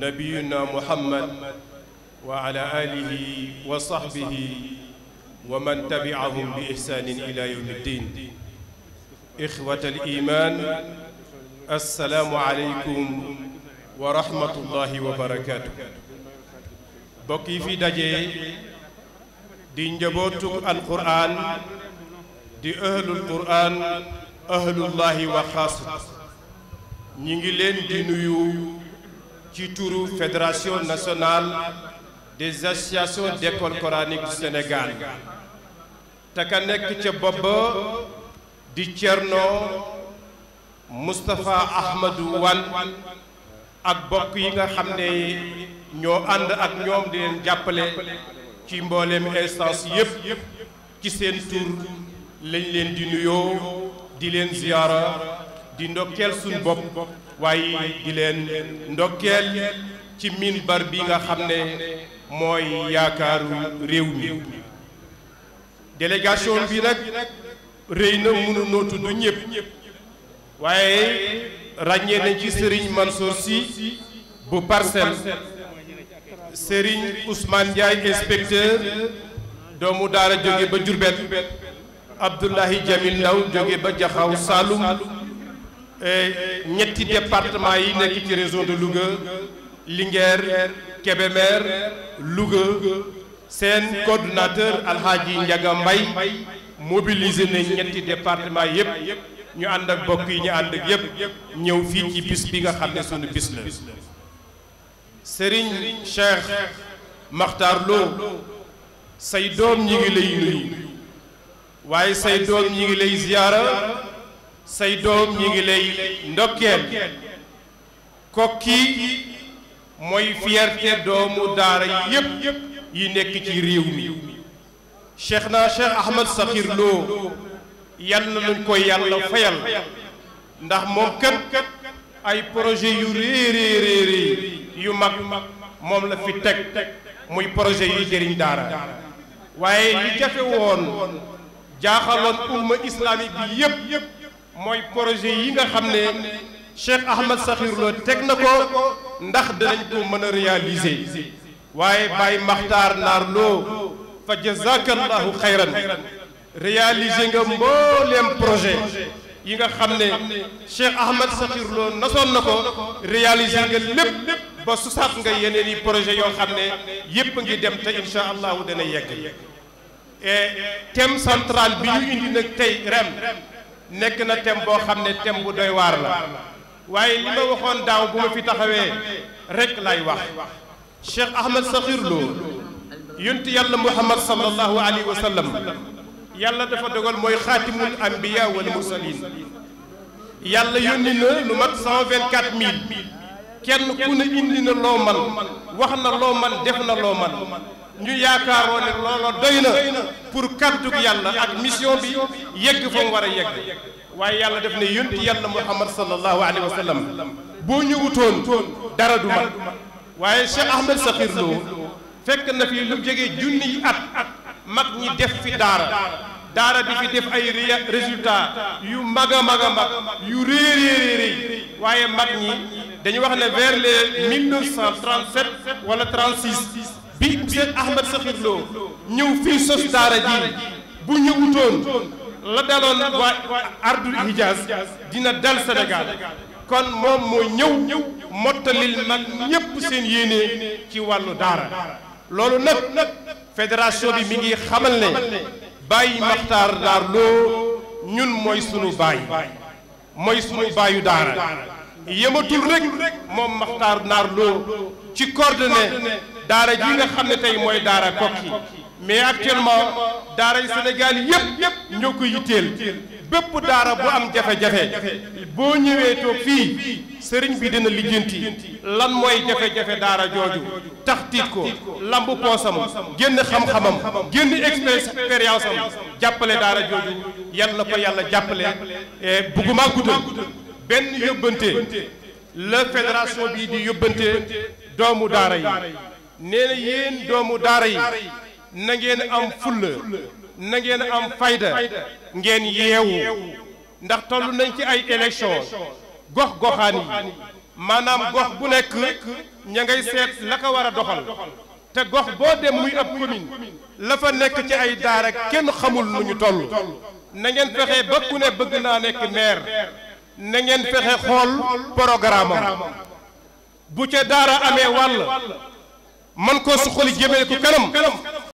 nabiyuna muhammad wa ala alihi wa sahbihi wa man tabi'ahum bi ihsaanin ila yawmi ddin ixwat al iman assalaamu aleykum wa rahmatullahi wa barakaatu bokk fi daje di njabootu alqur'an di ahlul qur'an ahlullahi wa xaasat ñi ngi leen di nuyu ci tuuru fédération nationale des associations d'écoles coraniques du Sénégal te ka nekk ca bopp ba di Thierno Moustapha Ahmadou Wan ak bokk yi nga xam ne ñoo ànd ak ñoom di leen jàppale ci mbooleem instance yépp ci seen tur lañ leen di nuyoo di leen ziyaara di ndokkeel suñ bopp waaye di leen ndokkeel ci minbar bi nga xam ne mooy yaakaaru réew mi délégation bi nag rëy na mënunoo tudd ñëpp waaye ràññee nañ ci Serigne Mansour Sy bu Parcelles Serigne Ousmane Ndiaye inspecteur doomu daara jóge ba Diourbel Abdoulahi Jamil Ndaw jóge ba Jaxaw Saloum Euh, ñetti département yi nekk ci région de Louga Linguère Kébémer Louga seen coordonnateur Alxaaji Njaga Mbay mobilisé na ñetti département yëpp ñu ànd ak bokk yi ñu ànd ak yëpp ñëw fii ci bis bi nga xam ne sunu bis la Serigne Cheikh Makhtar Lo say doom ñi ngi lay nuyu waaye say doom ñi ngi lay ziyaara say doom ñi ngi lay ndokkeel kokki mooy fierté doomu daara yépp yi nekk ci réew mi cheikh naa cheikh ahmad saxir loo yal na luñ ko yàlla fayal ndax moom kat ay projet yu réeréeréeréer yu mag moom la fi teg muy projet yuy jëriñ daara waaye li jafe woon jaaxaloon umma islamique bi yépp mooy projet yi nga xam ne Cheikh Ahmed Sakhir loo teg na ko ndax danañ ko mën a réaliser waaye Baye Makhtar Naar Lo fa jazakallahu xayran réaliser nga mbooleem projet yi nga xam ne Cheikh Ahmed Sakhir loo nasoon na ko réaliser nga lépp ba susaat nga yeneen i projet yoo xam ne yépp ngi dem te incha allahu dana yegg thème central bi ñu indi nag tey ren nekk na tem boo xam ne thème bu doy waar la waaye li ma waxoon daaw bu ma fi taxawee rek lay wax Cheikh Ahmed Sakhir Lo yontu yàlla Muhammad sallallahu alayhi wa sallam yàlla dafa dogal mooy xaatimul anbiya wal mursalin yàlla yónni na lu mat 124 mille kenn ku ne indi na loo man wax na loo man def na loo man ñu yaakaaroon ne loola doy na pour kàddug yàlla ak mission bi yegg fa mu war a yegg waaye yàlla def ne yonent yàlla muhammad sallallahu alayhi wa sallam boo ñëwutoon dara du mat waaye Cheikh Ahmed Sakhir Lo fekk na fi lu jege junniy at mag ñi def fi daara daara di fi def ay résultat yu mag a mag a yu réy réy réy waaye mag ñi dañu wax ne vers les 1937 wala 36 bi Cheikh Ahmed Sakhir Lo ñëw fii sos daara ji bu ñëwutoon la daloon waa ardul Hijaz dina dal Sénégal kon moom moo ñëw mottalil mag ñépp seen yéene ci wàllu daara loolu nag fédération bi mi ngi xamal ne bàyyi Maxtaar Daar Lo ñun mooy sunu baay mooy sunu baayu daara yematul rek moom Maxtaar Naar Lo ci coordonné daara ji nga xam ne tey mooy daara yi mais actuellement daara yi Sénégal yëpp yëpp ñoo ko yitteel bépp daara bu am jafe-jafe boo ñëwee toog fii sëriñ bi dina lijjanti lan mooy jafe-jafe daara jooju tax tiit ko lamb poosam génn xam-xamam génn expérience am jàppale daara jooju yàlla ko yàlla jàppale eh, bugguma guddal benn yóbbante la fédération bii di yóbbante doomu daara yi nee na yéen doomu daara yi na ngeen am fulla na ngeen am fayda ngeen yeewu ndax toll nañ ci ay élection gox goxaan yi maanaam gox bu nekk ña ngay seet la ko war a doxal te gox boo dem muy ab commune la fa nekk ci ay daara kenn xamul nu ñu toll na ngeen fexe ba ku ne bëgg naa nekk maire na ngeen fexe xool programme am bu ca daara amee wàll man koo suqali jëmee ko kanam